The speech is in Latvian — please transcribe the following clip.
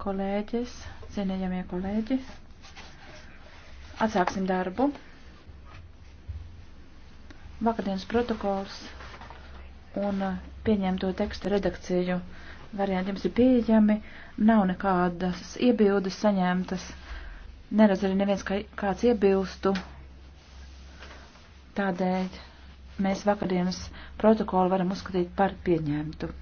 kolēģis, cienījamie kolēģi. Atsāksim darbu. Vakardienas protokols un pieņemto tekstu redakciju varianti jums ir pieejami. Nav nekādas iebildes saņemtas. Neredz arī neviens kāds iebilstu. Tādēļ mēs vakardienas protokolu varam uzskatīt par pieņemtu.